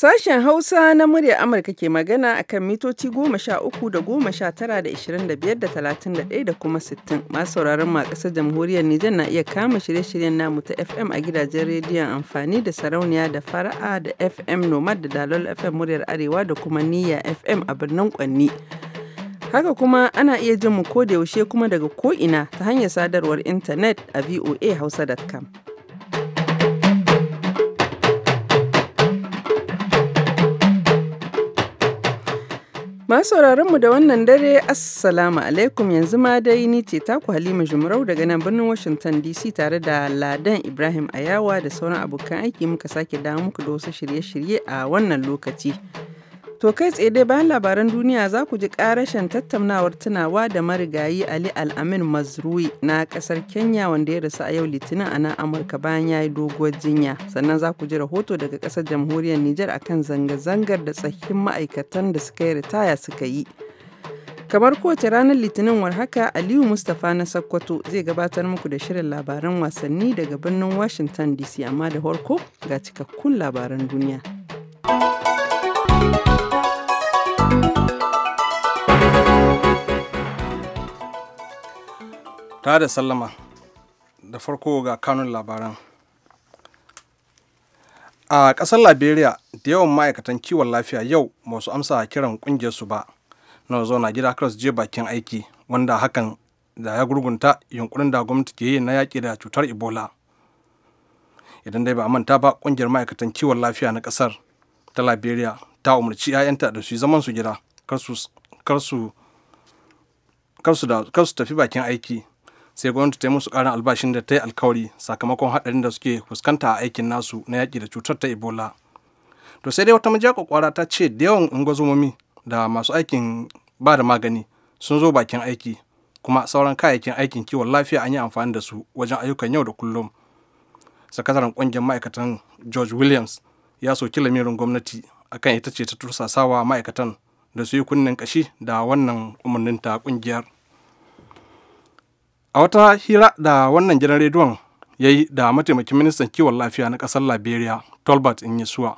Sashen Hausa na muryar Amurka ke magana a kan mitoci goma sha uku da goma sha tara da ishirin da biyar da talatin da ɗaya da kuma sittin. Masu sauraron ma ƙasar jamhuriyar Nijar na iya kama shirye-shiryen namu ta FM a gidajen rediyon amfani da sarauniya da fara'a da FM Nomad da Dalol FM muryar Arewa da kuma Niyya FM a birnin Kwanni. Haka kuma ana iya jin mu ko da yaushe kuma daga ko'ina ta hanyar sadarwar intanet a VOA Hausa.com. sauraron mu da wannan dare assalamu alaikum yanzu ma dai ni ce taku halima jumrau daga nan birnin washington dc tare da ladan ibrahim ayawa da sauran abokan aiki muka sake dawo muku da wasu shirye-shirye a wannan lokaci To kai tsaye dai bayan labaran duniya za ku ji karashen tattaunawar tunawa da marigayi Ali Al-Amin Mazrui na kasar Kenya wanda ya rasu a yau Litinin a nan Amurka bayan ya yi doguwar jinya. Sannan za ku ji rahoto daga kasar jamhuriyar Nijar akan zanga-zangar da tsahin ma'aikatan da suka yi ritaya suka yi. Kamar kowace ranar Litinin war haka Aliyu Mustapha na Sokoto zai gabatar muku da shirin labaran wasanni daga birnin Washington DC amma da farko ga cikakkun labaran duniya. ta da sallama da farko ga kanun labaran a ƙasar liberia da yawan ma'aikatan kiwon lafiya yau ba amsa a kiran ƙungiyarsu ba na zauna gida kar su je bakin aiki wanda hakan da ya gurgunta yunkurin da gwamnati ke yi na yaƙi da cutar ebola idan dai ba manta ba ƙungiyar ma'aikatan kiwon lafiya na ƙasar ta liberia ta umarci 'ya'yanta da su zaman su gida kar su tafi bakin aiki sai gwamnati ta yi musu karin albashin da ta yi alkawari sakamakon haɗarin da suke fuskanta a aikin nasu na yaƙi da cutar ta ebola to sai dai wata majiya kwakwara ta ce da yawan ungozomomi da masu aikin ba da magani sun zo bakin aiki kuma sauran kayayyakin aikin kiwon lafiya an yi amfani da su wajen ayyukan yau da kullum sakataren ƙungiyar ma'aikatan george williams ya soki lamirin gwamnati akan ita ce ta tursasawa ma'aikatan da su yi kunnen kashi da wannan umarnin ta ƙungiyar. a wata hira da wannan gidan rediyon ya yi da mataimakin ministan kiwon lafiya na kasar liberia tolbert inyisuwa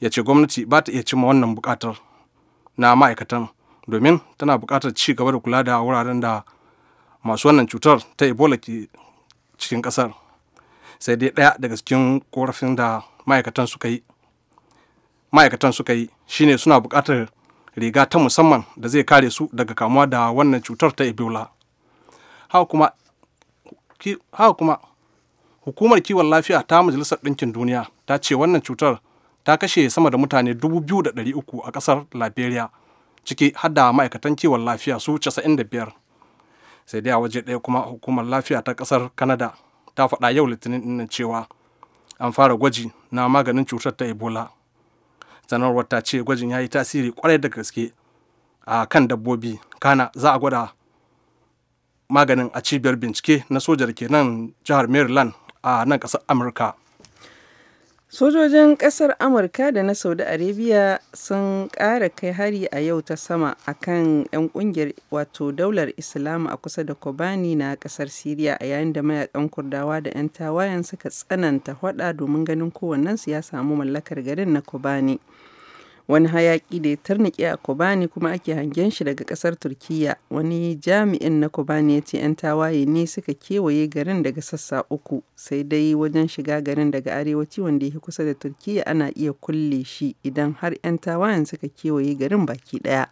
ya ce gwamnati ba ta iya cimma wannan bukatar na ma'aikatan domin tana bukatar ci gaba da kula da wuraren da masu wannan cutar ta ebola ke cikin kasar sai dai ɗaya daga cikin korafin da ma'aikatan suka yi ma'aikatan suka yi shine suna bukatar riga ta musamman da zai kare su daga kamuwa da wannan cutar ta ebola haka kuma hukumar kiwon lafiya ta majalisar ɗinkin duniya ta ce wannan cutar ta kashe sama da mutane 2,300 a ƙasar liberia ciki har ma'aikatan kiwon lafiya su 95 sai dai a waje ɗaya kuma hukumar lafiya ta ƙasar kanada ta faɗa yau litinin ɗinnan cewa an fara gwaji na maganin cutar ta ebola sanarwar ta ce gwajin ya yi tasiri kwarai da gaske a kan dabbobi kana za a gwada maganin a cibiyar bincike na soja da ke nan jihar maryland a nan ƙasar amurka sojojin ƙasar amurka da na saudi arabia sun ƙara kai hari a yau ta sama a kan 'yan ƙungiyar wato daular islam a kusa da kobani na ƙasar syria a yayin da mayakan kurdawa da 'yan tawayen suka tsananta hwada domin ganin kowannensu ya samu mallakar garin na kobani. wani hayaki da ya tarnike a kobani kuma ake hangen shi daga kasar turkiya wani jami'in na kobani ya ce 'yan tawaye ne suka kewaye garin daga sassa uku sai dai wajen shiga garin daga arewaci wanda ya kusa da turkiya ana iya kulle shi idan har 'yan tawayen suka kewaye garin baki ɗaya.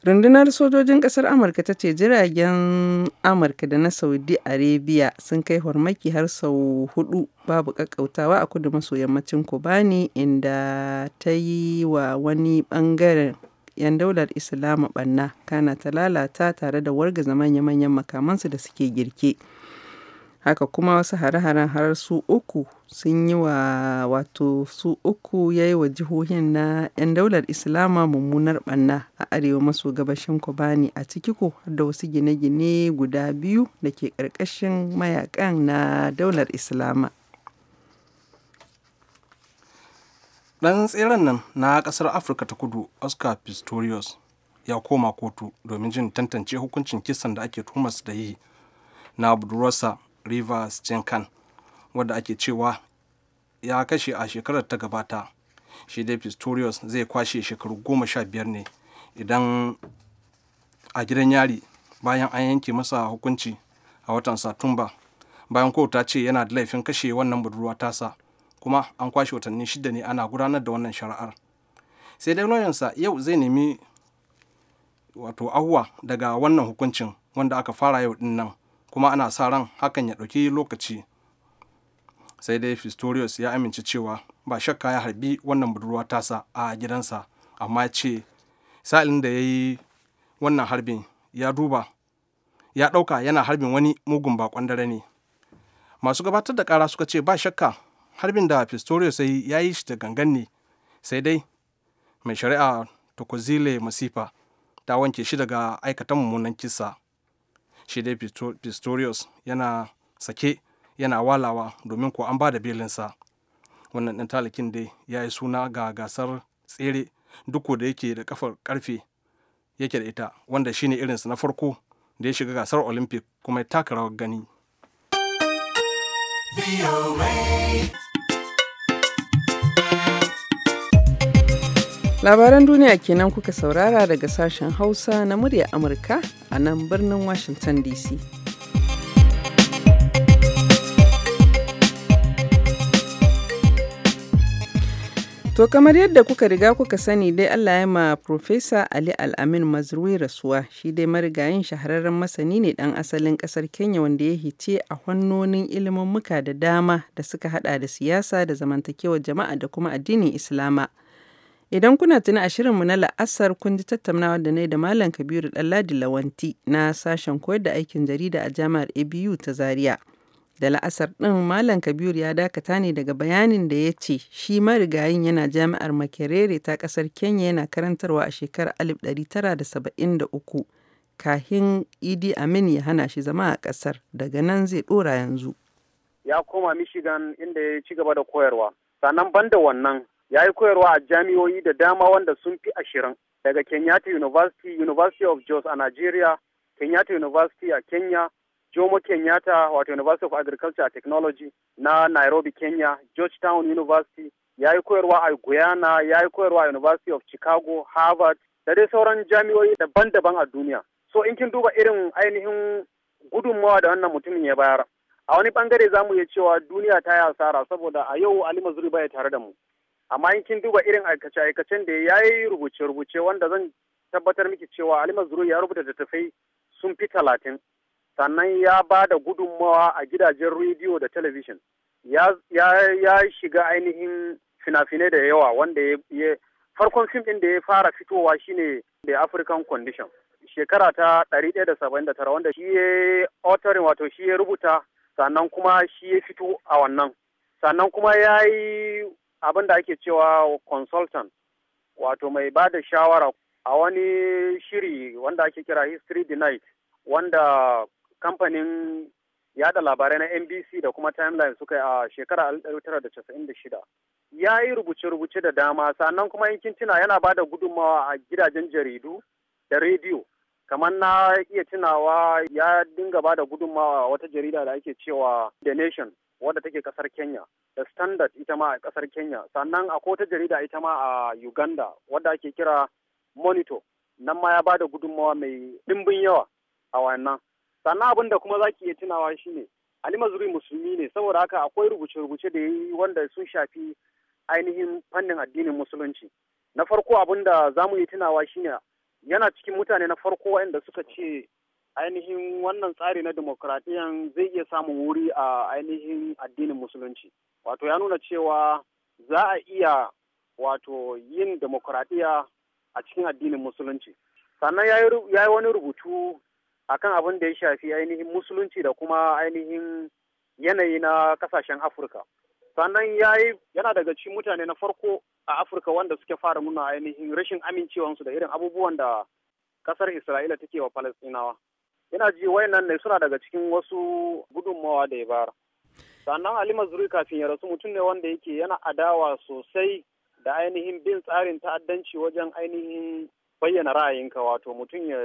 Rundunar Sojojin ƙasar Amurka ta ce jiragen Amurka da na Saudi Arabia sun kai hormaki har sau hudu babu ƙaƙƙautawa a kudu maso yammacin Kobani inda ta yi wa wani ɓangaren 'yan daular islamu ɓanna kana ta lalata tare da wargaza manya-manyan makamansu da suke girke. Haka kuma wasu hare-haren har su uku sun yi wa wato su uku ya yi wa jihohin na 'yan daular Islama mummunar banna a arewa maso gabashin Kobani a ciki ko da wasu gine-gine guda biyu da ke ƙarƙashin mayakan na daular Islama. Ɗan tseren nan na ƙasar Afirka ta kudu Oscar Pistorius ya koma kotu domin jin tantance hukuncin kisan da ake tumas da yi na budurwarsa rivers jenkan wadda ake cewa ya kashe a shekarar ta gabata shi dai pistorius zai kwashe shekaru goma sha biyar ne idan a gidan yari bayan an yanke masa hukunci a watan satumba bayan ko ta ce yana da laifin kashe wannan budurwa tasa kuma an kwashe watanni shida ne ana gudanar da wannan shari'ar sai dai lauyansa yau zai nemi wato ahuwa daga wannan hukuncin wanda aka fara yau din nan kuma ana sa ran hakan ya ɗauki lokaci sai dai pistorius ya amince cewa ba shakka ya harbi wannan budurwa tasa a gidansa amma ce sa'ilin da ya yi wannan harbin ya duba ya ɗauka yana harbin wani mugun bakon dare ne masu gabatar da kara suka ce ba shakka harbin da pistorius ya yi shi da gangan ne sai dai mai shari'a tokozile masifa ta wanke shi daga aikata mummunan kisa shi dai pistorius yana sake yana walawa domin ko an ba da belinsa wannan ɗan talakin dai ya yi suna ga gasar tsere duk da yake da kafar karfe yake da ita wanda shine irinsa na farko da ya shiga gasar olympic kuma ya taka rawar gani. Labaran duniya kenan kuka saurara daga sashen Hausa na murya Amurka a nan birnin Washington DC. To kamar yadda kuka riga kuka sani dai Allah ya ma Profesa Ali Al-Amin Mazrui rasuwa shi dai marigayin shahararren masani ne dan asalin kasar Kenya wanda ya hice a hannonin muka da dama da suka hada da siyasa da zamantakewar jama'a da kuma addinin Islama. Idan kuna tuni a shirinmu na la'asar kun ji tattaunawa da na yi da Malam Kabiru Ɗanladi Lawanti na sashen koyar da aikin jarida a jami'ar ABU ta Zaria. Da la'asar ɗin Malam Kabiru ya dakata ne daga bayanin da ya ce shi marigayin yana jami'ar Makerere ta ƙasar Kenya yana karantarwa a shekarar 1973 kahin Idi Amin ya hana shi zama a ƙasar daga nan zai ɗora yanzu. Ya koma Michigan inda ya ci gaba da koyarwa. Sannan banda wannan ya yi koyarwa a jami'oyi da dama wanda sun fi ashirin daga kenyatta university university of jos a nigeria kenyatta university a kenya jomo kenyatta wato university of agriculture and technology na nairobi kenya georgetown university ya yi koyarwa a guyana ya yi koyarwa a university of chicago harvard da dai sauran jami'o'i daban-daban a duniya so in kin duba irin ainihin gudunmawa da wannan mutumin ya bayar a wani bangare za mu iya cewa duniya ta yi asara saboda a yau ali mazuri baya tare da mu amma in kin duba irin aikace aikacen da ya yi rubuce rubuce wanda zan tabbatar miki cewa Ali zuru ya rubuta littattafai sun fi talatin sannan ya ba da gudunmawa a gidajen rediyo da talabijin ya, shiga ainihin fina-finai da yawa wanda ya farkon fim ɗin da ya fara fitowa shine The African Condition shekara ta 179 wanda shi ya authoring wato shi ya rubuta sannan kuma shi ya fito a wannan sannan kuma ya yi abin da ake cewa consultant wato mai ba da shawara a wani shiri wanda ake kira history denied wanda kamfanin yada labarai na NBC da kuma timeline suka yi a shekara 1996 ya yi rubuce-rubuce da dama sannan kuma yankin tuna yana ba da gudunmawa a gidajen jaridu da rediyo kamar na iya tunawa ya dinga ba da gudunmawa wata jarida da ake cewa the nation wanda take kasar Kenya da Standard ita ma a kasar Kenya sannan akwai wata jarida ita ma a Uganda wadda ake kira Monitor nan ma ya bada gudunmawa mai dimbin yawa a wannan sannan abin da kuma zaki iya tunawa shine Ali Mazuri musulmi ne saboda haka akwai rubuce-rubuce da yayi wanda sun shafi ainihin fannin addinin musulunci na farko abin da zamu yi tunawa shine yana cikin mutane na farko waɗanda suka ce ainihin wannan tsari na demokradiyyan zai iya samun wuri a ainihin addinin musulunci wato ya nuna cewa za a iya wato yin demokradiyya a cikin addinin musulunci sannan ya yi wani rubutu akan abin da ya shafi ainihin musulunci da kuma ainihin yanayi na kasashen afirka sannan ya yi yana daga cikin mutane na farko a afirka wanda suke fara nuna ainihin rashin amincewansu da irin abubuwan da kasar isra'ila take wa falastinawa ina ji wayannan ne suna daga cikin wasu gudunmawa da ya bara sannan ali mazrui kafin ya rasu mutum ne wanda yake yana adawa sosai da ainihin bin tsarin ta'addanci wajen ainihin bayyana ra'ayinka wato mutum ya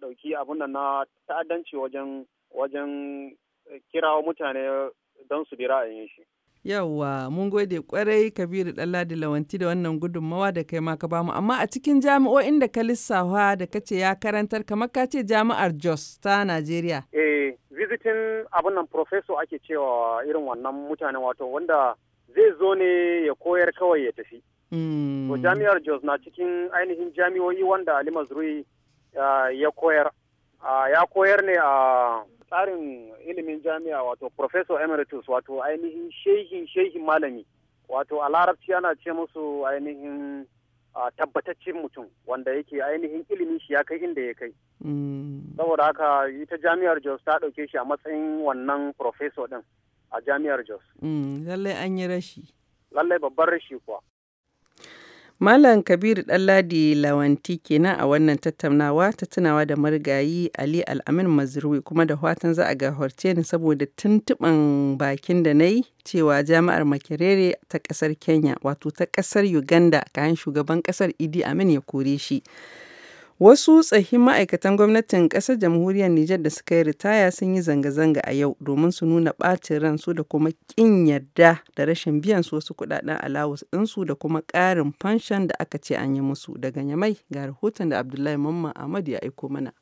dauki abun nan na ta'addanci wajen wajen kirawo mutane don su bi ra'ayin shi Yawwa mun gode kwarai Kabiru Ɗanladi Lawanti da wannan gudunmawa da kai ma ka bamu amma a cikin jami'o'in da ka lissafa da ka ce ya karantar kamar ka ce jami'ar Jos ta Najeriya. Eh visiting abin nan professor ake cewa irin wannan mutane wato wanda zai zo ne ya koyar kawai ya tafi. Hmm. To jami'ar Jos na cikin ainihin jami'o'i wanda Ali Mazrui ah, ya koyar. Ah, ya koyar ne a tsarin ilimin jami'a wato professor emeritus wato ainihin shehin shehin malami wato a larabci ana ce musu ainihin tabbataccen mutum wanda yake ainihin ilimin shi ya kai inda ya kai mm. saboda haka ita jami'ar jos ta ɗauke shi a matsayin wannan professor din a jami'ar jos mm, lallai an yi rashi lallai babban rashi kuwa Malam kabir Ɗanladi Lawanti kenan a wannan tattaunawa ta tunawa da marigayi Ali Al'amin Mazrui kuma da fatan za a gafarce ni saboda tuntuɓin bakin da na yi cewa jami'ar Makerere ta ƙasar Kenya wato ta ƙasar Uganda kayan shugaban ƙasar Idi Amin ya kore shi. Wasu tsahin ma'aikatan gwamnatin ƙasar jamhuriyar Nijar da suka yi ritaya sun yi zanga-zanga a yau domin su nuna ɓacin ransu da kuma ƙin yarda da rashin biyan su wasu kuɗaɗen alawus ɗinsu da kuma ƙarin fanshan da aka ce an yi musu. Daga Nyamai ga rahoton da Abdullahi Mamman Ahmad ya aiko mana.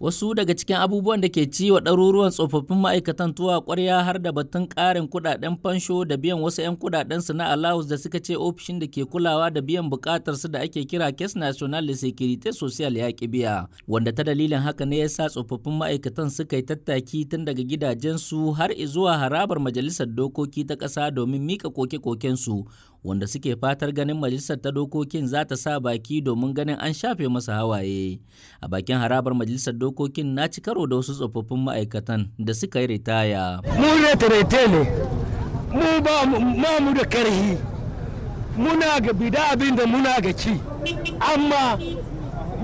wasu daga cikin abubuwan da ke ci wa ɗaruruwan tsofaffin ma'aikatan tuwa ƙwarya har da batun ƙarin kuɗaɗen fansho da biyan wasu 'yan kuɗaɗen su na alaus da suka ce ofishin da ke kulawa da biyan buƙatar su da ake kira kes national de securite social ya ki biya wanda ta dalilin haka ne ya sa tsofaffin ma'aikatan suka yi tattaki tun daga gidajensu har zuwa harabar majalisar dokoki ta ƙasa domin mika koke koken su. wanda suke fatar ganin majalisar ta dokokin za ta sa baki domin ganin an shafe masa hawaye a bakin harabar majalisar dokokin na ci karo da wasu tsofaffin ma'aikatan da suka yi ritaya mu retirete ne mu ba mu da karhi muna ga bida abin da muna ga ci amma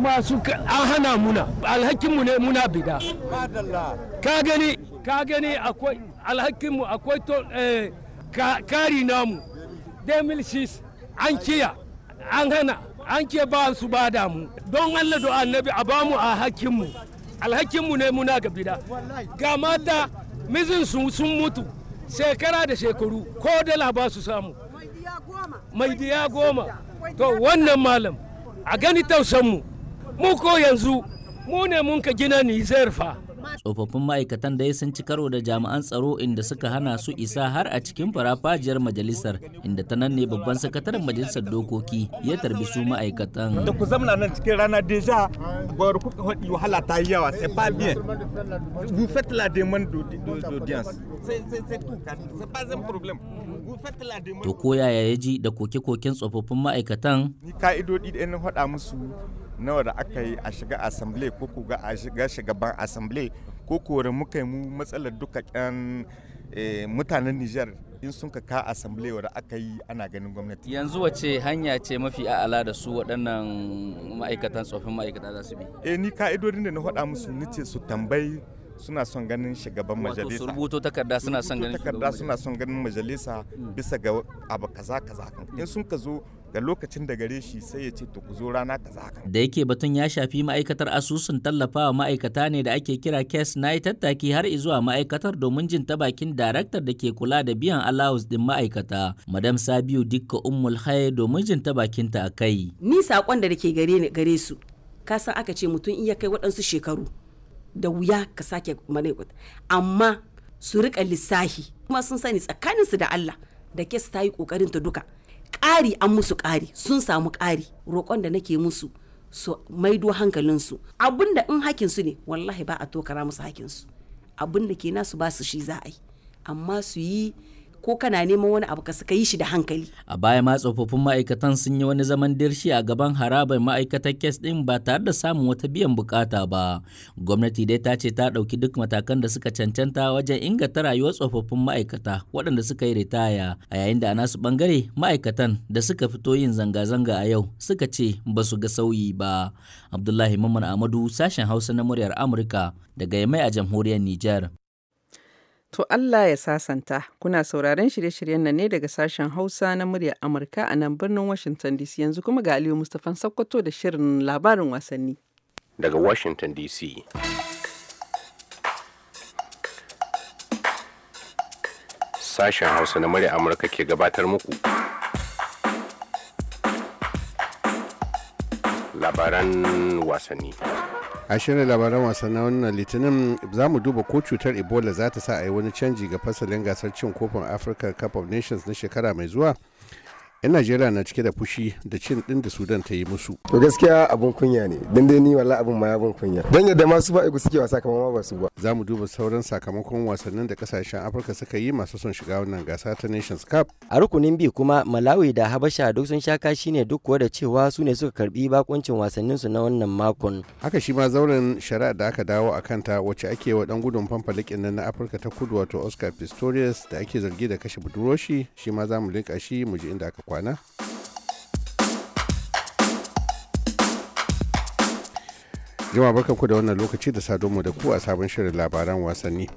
masu an hana muna alhakinmu ne muna bida ka gani ka gani akwai alhakinmu akwai eh, kari namu 2006 an kiya an hana an ke ba su ba damu don allah da annabi a ba mu a hakkinmu alhakinmu ne muna ga bida ga mata mizin su sun mutu shekara da shekaru ko dala ba su samu mai diya goma to wannan malam a gani tausanmu mu ko yanzu mu ne mun ka gina nijar fa tsofaffin ma'aikatan dai sun ci karo da jami'an tsaro inda suka hana su isa har a cikin farafajiyar majalisar inda ta nan ne babban sakataren majalisar dokoki ya tarbi su ma'aikatan da ku zamna nan cikin rana deja gwar kuka haɗi wahala ta yi yawa c'est pas bien vous faites la demande d'audience to ko yaya ya ji da koke-koken tsofaffin ma'aikatan ni ka'idodi da na faɗa musu nawa da aka yi a shiga assembly ko ku ga a shiga shugaban assembly ko kore muka yi mu matsalar duka kyan eh, mutanen Nijar in sun ka ka assembly da aka yi ana ganin gwamnati. Yanzu wace hanya ce mafi a'ala da su waɗannan ma'aikatan tsofin ma'aikata za su bi? Eh ni ka'idodin da na faɗa musu ni ce su tambayi suna son ganin shugaban majalisa. Wato su rubuto takarda suna son ganin shugaban majalisa. suna son ganin majalisa hmm. bisa ga abu kaza kaza. In sun ka zo da lokacin da gare shi sai ya ce to ku zo rana kaza haka da yake batun ya shafi ma'aikatar asusun tallafawa ma'aikata ne da ake kira kes na yi tattaki har zuwa ma'aikatar domin jin ta bakin daraktar da ke kula da biyan allowance din ma'aikata madam sabiu dikka ummul haye domin jin ta bakin ta kai. ni sakon da ke gare ni gare su ka san aka ce mutum in ya kai waɗansu shekaru da wuya ka sake malaikut amma su rika lissahi kuma sun sani tsakaninsu da Allah da kes ta yi kokarin ta duka ƙari an musu ƙari sun samu ƙari roƙon da nake musu su maido hankalinsu abun da in hakinsu ne wallahi ba a tokara musu hakinsu abun da ke nasu ba su shi za a yi amma su yi ko kana neman wani abu ka suka yi shi da hankali a baya ma tsofaffin ma'aikatan sun yi wani zaman dirshi a gaban harabar ma'aikatar kes ɗin ba tare da samun wata biyan bukata ba gwamnati dai ta ce ta ɗauki duk matakan da suka cancanta wajen inganta rayuwar tsofaffin ma'aikata waɗanda suka yi ritaya a yayin da a nasu ɓangare, ma'aikatan da suka fito yin zanga-zanga a yau suka ce ba su ga sauyi ba abdullahi mamman amadu sashen hausa na muryar amurka daga yamai a jamhuriyar nijar To Allah ya sasanta, kuna sauraron shirye-shiryen nan ne daga sashen Hausa na muryar Amurka a nan birnin Washington DC yanzu kuma ga Aliyu Mustapha Sokoto da shirin labarin wasanni. Daga Washington DC. Sashen Hausa na muryar Amurka ke gabatar muku. Labaran wasanni. a shirin labaran wasan na wannan litinin za mu duba ko cutar ebola za ta sa a yi wani canji ga fasalin gasar cin kofin afirka cup of nations na shekara mai zuwa 'yan najeriya na cike da fushi da cin din da sudan ta yi musu to gaskiya abun kunya ne dan dai ni wallahi abun ma abun kunya dan yadda masu ba igu suke wasa kamar ma ba su ba za mu duba sauran sakamakon wasannin da kasashen afirka suka yi masu son shiga wannan gasa ta nations cup a rukunin bi kuma malawi da habasha duk sun sha kashi ne duk kuwa da cewa su ne suka karbi bakuncin wasannin su na wannan makon haka shi ma zauren shari'a da aka dawo a kanta wacce ake wa dan gudun fanfalikin nan na afirka ta kudu wato oscar pistorius da ake zargi da kashe budurwashi shi ma za mu leka shi mu ji inda aka kwana? Jima barkanku da wannan lokaci da mu da ku a sabon shirin labaran wasanni.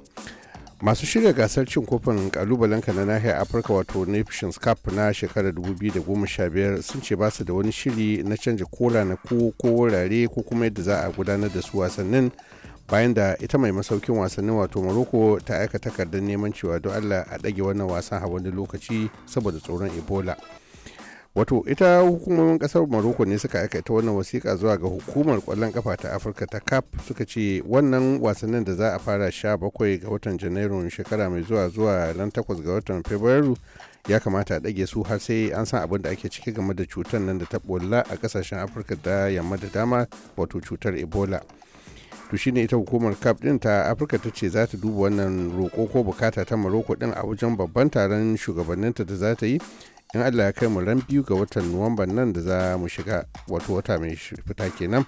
masu shirya gasar cin kofin kalubalenka na nahiyar afirka wato nations cup na shekarar 2015 sun ce basu da wani shiri na canja kola na ko ko wurare ko kuma yadda za a gudanar da su wasannin bayan da ita mai masaukin wasannin wato morocco ta aika takardar neman cewa don allah a ɗage wannan wasan a wani lokaci saboda tsoron ebola wato ita hukumomin kasar maroko ne suka aikata wannan wasiƙa zuwa ga hukumar kwallon kafa ta afirka ta cap suka ce wannan wasannin da za a fara sha bakwai ga watan janairun shekara mai zuwa zuwa ran takwas ga watan fabrairu ya kamata a ɗage su har sai an san abin da ake ciki game da cutar nan da ta ɓulla a kasashen afirka da yamma da dama wato cutar ebola to shine ita hukumar cap din ta afirka ta ce za ta duba wannan roƙo ko bukata ta maroko din a wajen babban taron shugabanninta da za ta yi in allah ya kai mu ran biyu ga watan nuwamban nan da za mu shiga wato wata mai fita kenan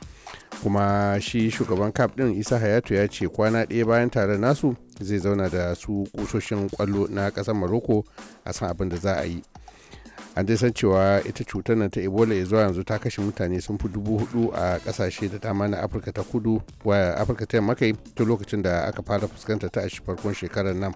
kuma shi shugaban kaf din isa hayatu ya ce kwana ɗaya bayan tare nasu zai zauna da su kusoshin kwallo na ƙasar maroko a san abin da za a yi an dai san cewa ita cutar nan ta ebola ya zuwa yanzu ta kashe mutane sun fi dubu hudu a kasashe da dama na afirka ta kudu wa afirka ta yamma kai tun lokacin da aka fara fuskantar ta a farkon shekarar nan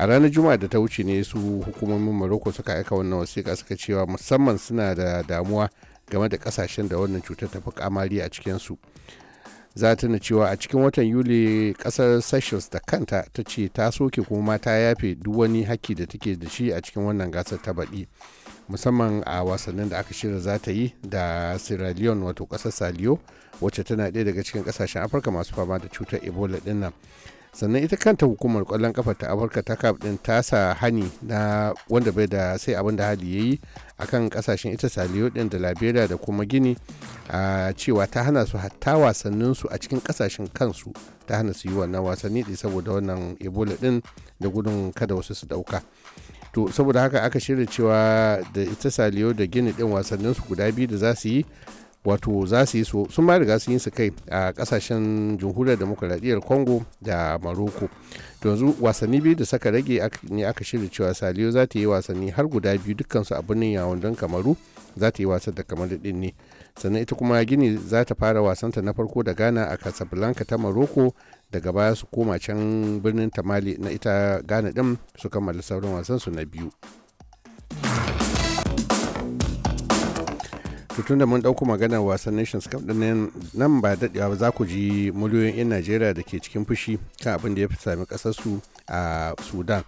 a ranar juma'a da ta wuce ne su hukumomin morocco suka aika wannan wasiƙa suka cewa musamman suna da damuwa game da kasashen da wannan cutar ta fi kamari a cikinsu za ta na cewa a cikin watan yuli kasar seychelles da kanta ta ce ta soke kuma ta yafe duk wani haki da take da shi a cikin wannan gasar ta baɗi musamman a wasannin da aka shirya za ta yi da sierra leone wato kasar salio wacce tana ɗaya daga cikin kasashen afirka masu fama da cutar ebola ɗin sannan ita kanta hukumar kwallon kafa ta afirka ta kaf din tasa hani na wanda bai da sai abin da hali ya yi a kan kasashen ita saliyo din da liberia da kuma gini a cewa ta hana su hatta wasannin su a cikin kasashen kansu ta hana su yi wannan wasanni din saboda wannan ebola din da gudun kada wasu su dauka to saboda haka aka shirya cewa da ita saliyo da gini din wasannin su guda biyu da za su yi wato za su yi so sun ma riga sun yi su kai a kasashen jamhuriyar demokuraɗiyyar congo da maroko to yanzu wasanni biyu da saka rage ne aka shirya cewa saliyo za ta yi wasanni har guda biyu dukkansu a birnin yawon don kamaru za ta yi wasan da kamar din ne sannan ita kuma gini za ta fara wasanta na farko da ghana a casablanca ta maroko daga baya su koma can birnin tamale na ita ghana ɗin su kammala sauran wasansu na biyu tun da mun dauko maganar wasan nations cup nan ba daɗewa ba za ku ji miliyoyin 'yan najeriya da ke cikin fushi kan abin da ya fi sami su a sudan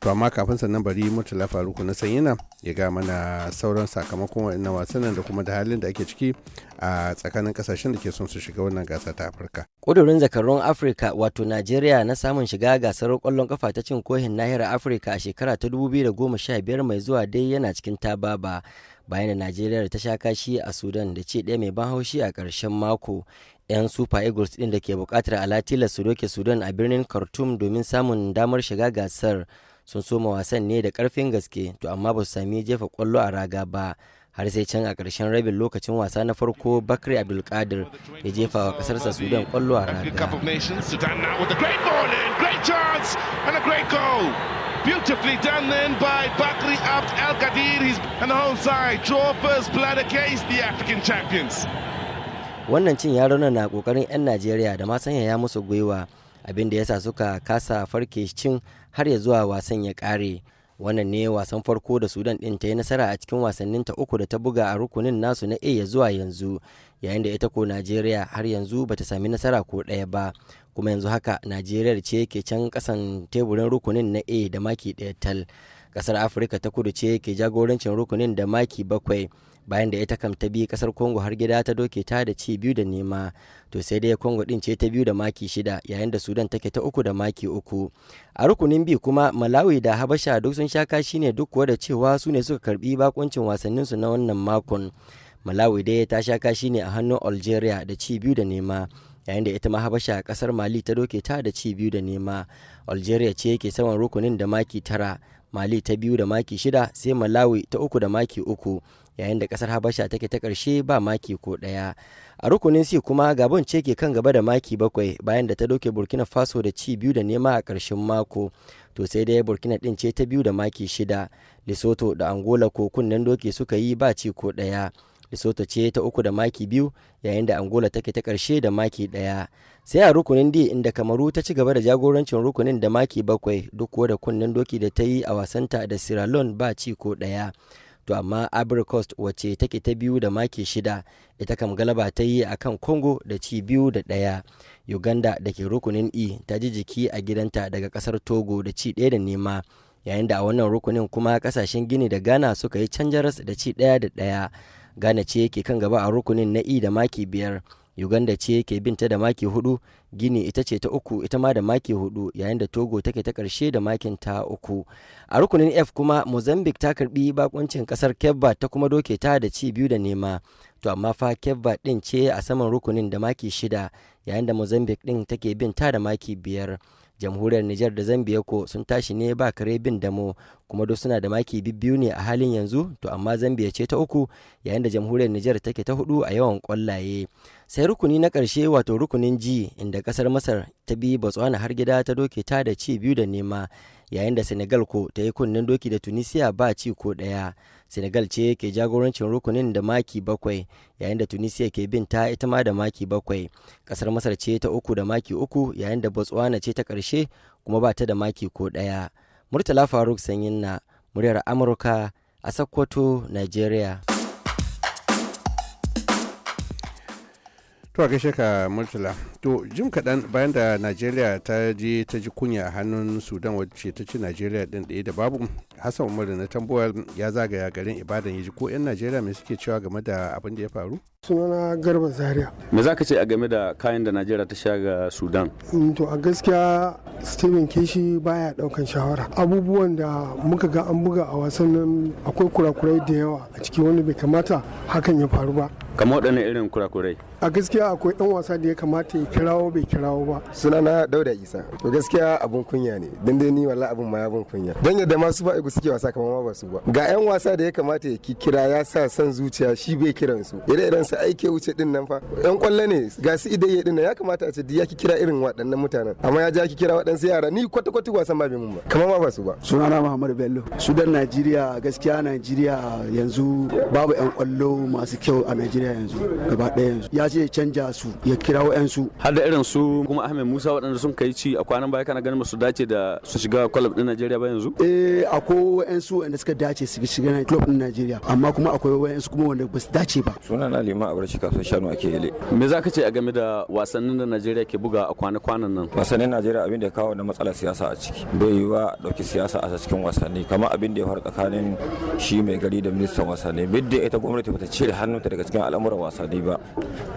to amma kafin sannan bari murtala faruku na sanyina ya ga mana sauran sakamakon waɗannan wasannin da kuma da halin da ake ciki a tsakanin kasashen da ke son su shiga wannan gasa ta afirka ƙudurin zakarun afirka wato najeriya na samun shiga gasar kwallon kafa ta cin kohin nahiyar afirka a shekara ta 2015 mai zuwa dai yana cikin tababa bayan da najeriya ta sha kashi a sudan da ce ɗaya mai ban haushi a ƙarshen mako 'yan super eagles ɗin da ke buƙatar alatila su doke sudan a birnin khartoum domin samun damar shiga gasar sun soma wasan ne da ƙarfin gaske to amma ba su sami jefa kwallo a raga ba har sai can a ƙarshen rabin lokacin wasa na farko bakri abdulkadir ya jefa wa ƙasarsa sudan kwallo a raga Beautifully done then by Bakri Abd and the Wannan cin yarona na kokarin 'yan Najeriya da ma ya musu gwiwa abinda yasa suka kasa farke cin har ya zuwa wasan ya kare. wannan ne wasan farko da sudan ɗin ta yi nasara a cikin wasannin ta uku da ta buga a rukunin nasu na iya zuwa yanzu yayin da ita ko najeriya har yanzu ba ta sami nasara ko ɗaya ba kuma yanzu haka najeriya ce ke can kasan teburin rukunin na a da maki ɗaya tal ƙasar afirka ta kudu ce ke jagorancin rukunin da maki bakwai bayan da ita kam ta bi kasar congo har gida ta doke ta da ci biyu da nema to sai dai congo din ce ta biyu da maki shida yayin da sudan take ta uku da maki uku a rukunin bi kuma malawi da habasha duk sun sha kashi ne duk kuwa da cewa su ne suka karbi bakuncin su na wannan makon malawi dai ta sha kashi ne a hannun algeria da ci biyu da nema yayin da ita ma habasha kasar mali ta doke ta da ci biyu da nema algeria ce yake saman rukunin da maki tara mali ta biyu da maki shida sai malawi ta uku da maki uku yayin da kasar habasha take ta karshe ba maki ko daya a rukunin c kuma gabon ce ke kan gaba da maki bakwai bayan da ta doke burkina faso da ci biyu da nema a karshen mako to sai dai burkina din ce ta biyu da maki shida lesotho da angola ko kunnen doke suka yi ba ci ko daya lesotho ce ta uku da maki biyu yayin da angola take ta karshe da maki daya sai a rukunin d inda kamaru ta ci gaba da jagorancin rukunin da maki bakwai duk kuwa da kunnen doki da ta yi a wasanta da sierra ba ci ko daya. to amma ivory coast wacce take ta biyu da maki shida ita kam galaba ta yi a kan congo da ci biyu da ɗaya uganda da ke rukunin e ta ji jiki a gidanta daga kasar togo da ci ɗaya da nema yayin da a wannan rukunin kuma kasashen gini da ghana suka yi canjaras da ci ɗaya da ɗaya ghana ce ke kan gaba a rukunin na e da maki biyar uganda ce ke binta da maki hudu gini ita ce ta uku ita ma da maki hudu yayin da togo take ta karshe da makin ta uku a rukunin f kuma mozambique ta karbi bakuncin kasar kebba ta kuma doke ta da ci biyu da nema to amma fa kebba din ce a saman rukunin da maki shida yayin da mozambique din take bin ta da maki biyar jamhuriyar Nijar da Zambia ko sun tashi ne ba kare bin damo kuma duk suna da maki bibbiyu ne a halin yanzu to amma Zambia ce ta uku yayin da jamhuriyar Nijar take ta hudu a yawan kwallaye sai rukuni na ƙarshe wato rukunin ji inda ƙasar masar ta bi botswana har gida ta doke ta da ci biyu da nema yayin da senegal ko ta yi kunnen doki da tunisia ba ci ko ɗaya senegal ce ke jagorancin rukunin da maki bakwai yayin da tunisia ke bin ta ita ma da maki bakwai ƙasar masar ce ta uku da maki uku yayin da botswana ce ta ƙarshe kuma ba ta da maki ko ɗaya murtala faruk sanyin na muryar amurka a sokoto nigeria to a gaishe ka murtala to jim kaɗan bayan da najeriya ta je ta ji kunya a hannun sudan wacce ta ci najeriya ɗin ɗaya da babu hassan umar na tambuwar ya zagaya garin ibadan ya ji ko 'yan najeriya mai suke cewa game da abin da ya faru sunana garba zaria me za ka ce a game da kayan da najeriya ta sha ga sudan mm, to a gaskiya steven kishi baya daukan shawara abubuwan da muka ga an buga a wasan akwai kurakurai da yawa a ciki wanda bai kamata hakan ya faru ba kamar waɗannan irin kurakurai a gaskiya gaskiya akwai ɗan wasa da ya kamata ya kirawo bai kirawo ba na dauda isa to gaskiya abun kunya ne dan dai ni wallahi abun ma ya abun kunya dan yadda ma su ba igu suke wasa kamar ma ba su ba ga yan wasa da ya kamata ya kira ya sa san zuciya shi bai kiran su ire iren su aike wuce din nan fa Ƴan kwallo ne ga su idai din nan ya kamata a ce ya ki kira irin waɗannan mutanen amma ya ja ki kira waɗansu yara ni kwata kwata wasan ba bi mun ba kamar ma ba su ba na muhammad bello dan najeriya gaskiya najeriya yanzu babu yan kwallo masu kyau a najeriya yanzu gaba ɗaya yanzu ya ce canji canja su ya kira wa'yansu har da irin su kuma ahmed musa waɗanda sun kai ci a kwanan baya kana ganin ba su dace da su shiga club din najeriya ba yanzu eh akwai wa'yansu wanda suka dace su shiga club din najeriya amma kuma akwai wa'yansu kuma wanda ba su dace ba suna na lima a barci kasuwar shanu ake yale me za ka ce a game da wasannin da najeriya ke buga a kwana-kwanan nan wasannin najeriya abin da ya kawo na matsalar siyasa a ciki bai yiwa ɗauki siyasa a cikin wasanni kamar abin da ya faru tsakanin shi mai gari da ministan wasanni bidda ita gwamnati bata cire hannunta daga cikin al'amuran wasanni ba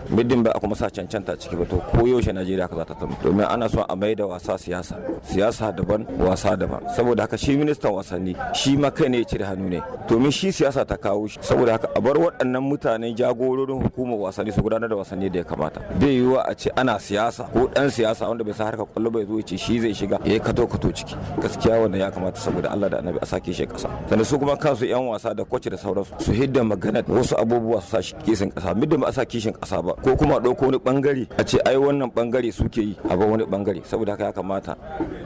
middin ba a kuma sa cancanta ciki ba to yaushe najeriya ka za ta zama domin ana so a mai da wasa siyasa siyasa daban wasa daban saboda haka shi ministan wasanni shi ma kai ne ya cire hannu ne domin shi siyasa ta kawo shi saboda haka a bar waɗannan mutane jagororin hukumar wasanni su gudanar da wasanni da ya kamata bai yiwuwa a ce ana siyasa ko dan siyasa wanda bai sa harkar kwallo bai zo ya ce shi zai shiga ya kato kato ciki gaskiya wanda ya kamata saboda Allah da annabi a sake shi kasa sannan su kuma kansu yan wasa da kwace da sauransu su hidda magana wasu abubuwa su sa kishin kasa midda ba a sa kishin kasa ba ko kuma kuma ɗauko wani bangare a ce ai wannan bangare suke yi a ba wani bangare saboda haka ya kamata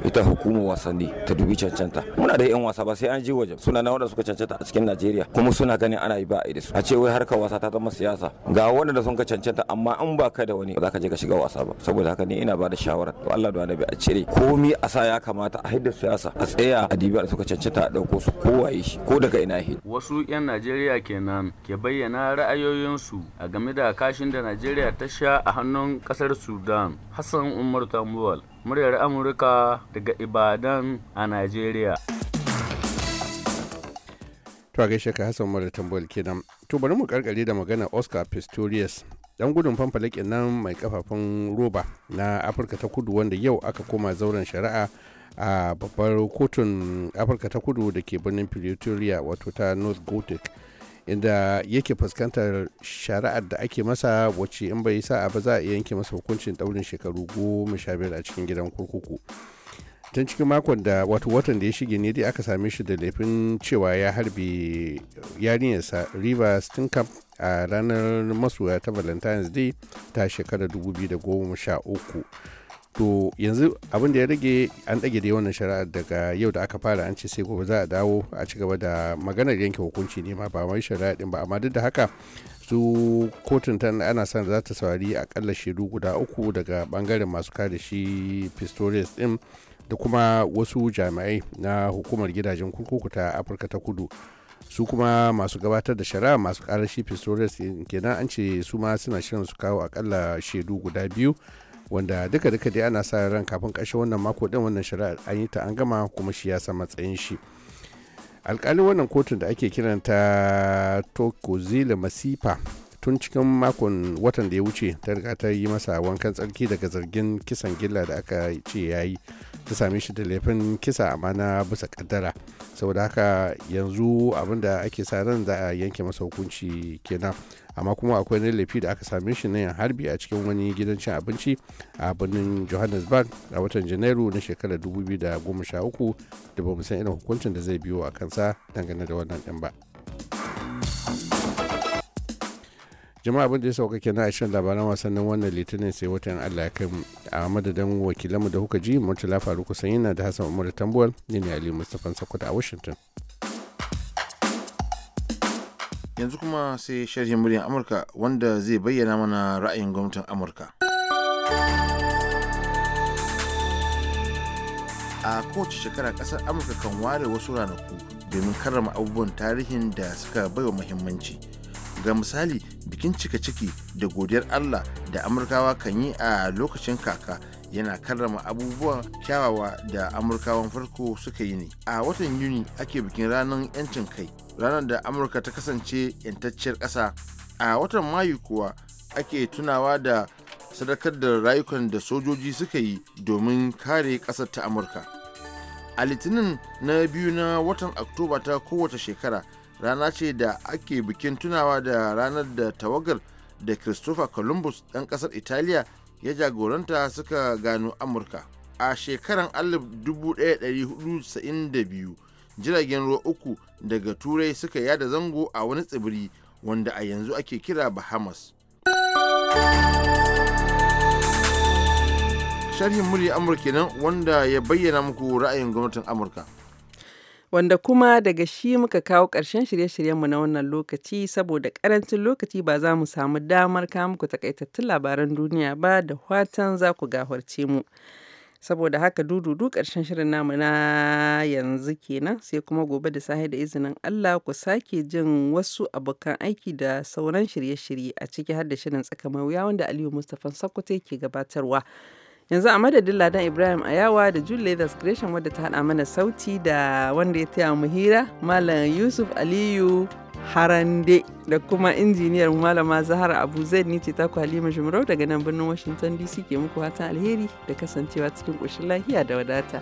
ita hukumar wasanni ta dubi cancanta muna da yan wasa ba sai an je waje suna na wanda suka cancanta a cikin Najeriya kuma suna ganin ana yi ba a su a ce wai harkar wasa ta zama siyasa ga wanda da sun ka cancanta amma an ba ka da wani ba za ka je ka shiga wasa ba saboda haka ni ina ba da shawara to Allah da annabi a cire komi a sa ya kamata a haddasa siyasa a tsaya a dibiya da suka cancanta a ɗauko su kowaye shi ko daga ina hi wasu yan Najeriya kenan ke bayyana ra'ayoyinsu a game da kashin da Najeriya tasha a hannun kasar Sudan. Hassan Umar Tambuwal, muryar Amurka daga Ibadan a nigeria. To gaishe ka Hassan Umar Tambuwal kenan. To bari mu karkare da magana Oscar Pistorius. Dan gudun fanfalakin nan mai kafafun roba na Afirka ta kudu wanda yau aka koma zauren shari'a a babbar kotun Afirka ta kudu da ke birnin Pretoria wato ta North Gothic. inda yake fuskantar shari'ar da ake masa wacce in bai sa'a ba za a yanke masa hukuncin daurin shekaru goma sha biyar a cikin gidan kurkuku tun cikin makon da wato watan da ya shige ne dai aka same shi da laifin cewa ya harbe yarinyarsa river stinkamp a ranar masoya ta valentine's day ta shekarar 2013 to yanzu abin da ya rage an ɗage da wannan shari'a daga yau da aka fara an ce sai gobe za a dawo a ci gaba da maganar yanke hukunci ne ma ba mai shari'a din ba amma duk da haka su kotun ta ana son za ta saurari akalla shaidu guda uku daga bangaren masu kare shi pistorius din da kuma wasu jami'ai na hukumar gidajen kurkuku ta afirka ta kudu su kuma masu gabatar da shari'a masu karar shi pistorius kenan an ce su ma suna shirin su kawo akalla shaidu guda biyu wanda duka duka dai ana sa ran kafin ƙarshen wannan mako din wannan shari'ar an yi ta an gama kuma shi ya sa matsayin shi alkalin wannan kotun da ake kiranta tokozila masifa tun cikin makon watan da ya wuce ta riga ta yi masa wankan tsarki daga zargin kisan gilla da aka ce ya yi ta same shi da laifin kisa amana bisa kaddara saboda haka yanzu abinda ake sa ran za a yanke masa hukunci kenan amma kuma akwai wani laifi da aka same shi na yin harbi a cikin wani gidan cin abinci a birnin johannesburg a watan janairu na shekarar 2013 da ba mu san irin hukuncin da zai biyo a kansa dangane da wannan din ba. jama'a abin da ya sauka kenan a shirin labaran wasannin wannan litinin sai watan allah ya kai a madadin wakilanmu da kuka ji murtala faruku sanyi na da hassan umar tambuwal ne ne ali mustapha sakwata a washington yanzu kuma sai sharhin muryar amurka wanda zai bayyana mana ra'ayin gwamnatin amurka a kowace shekara kasar amurka kan ware wasu ranaku domin karrama abubuwan tarihin da suka baiwa muhimmanci ga misali bikin cika ciki da godiyar allah da amurkawa kan yi a lokacin kaka yana karrama abubuwan kyawawa da amurkawan farko suka yi ne a watan yuni ake bikin ranar 'yancin kai ranar da amurka ta kasance yantacciyar ƙasa a watan mayu kuwa ake tunawa da sadakar da rayukan da sojoji suka yi domin kare ƙasar ta amurka a litinin na biyu na watan oktoba ta kowace shekara rana ce da ake bikin tunawa da ranar da tawagar da christopher columbus ɗan ƙasar italiya ya jagoranta suka gano amurka a shekaran 1492 jiragen ruwa uku daga turai suka yada zango a wani tsibiri wanda a yanzu ake kira bahamas sharhin murya amurka nan wanda ya bayyana muku ra'ayin gwamnatin amurka wanda kuma daga shi muka kawo ƙarshen shirye-shiryenmu na wannan lokaci saboda ƙarancin lokaci ba za mu samu damar kawo muku takaitattun labaran duniya ba da watan za ku gahorce mu. Saboda haka dududu karshen shirin namu na yanzu kenan sai kuma gobe da sahi da izinin Allah ku sake jin wasu abokan aiki da sauran shirye-shirye a ciki har da shirin tsaka wuya wanda Aliyu Mustapha Sokoto ke gabatarwa. Yanzu a madadin Ladan Ibrahim Ayawa da Jude Leathers Creation wadda ta hada mana sauti da wanda ya taya mu hira Malam Yusuf Aliyu Harande da kuma injiniyar Malama zahra Abu zai ni ce taku Halima jimarau daga nan birnin Washington DC ke muku fatan alheri da kasancewa cikin ƙoshin lahiya da wadata.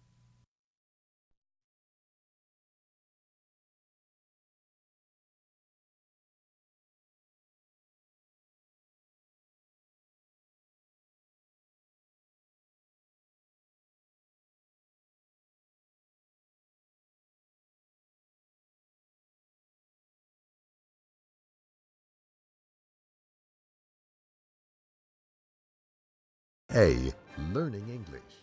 A. Learning English.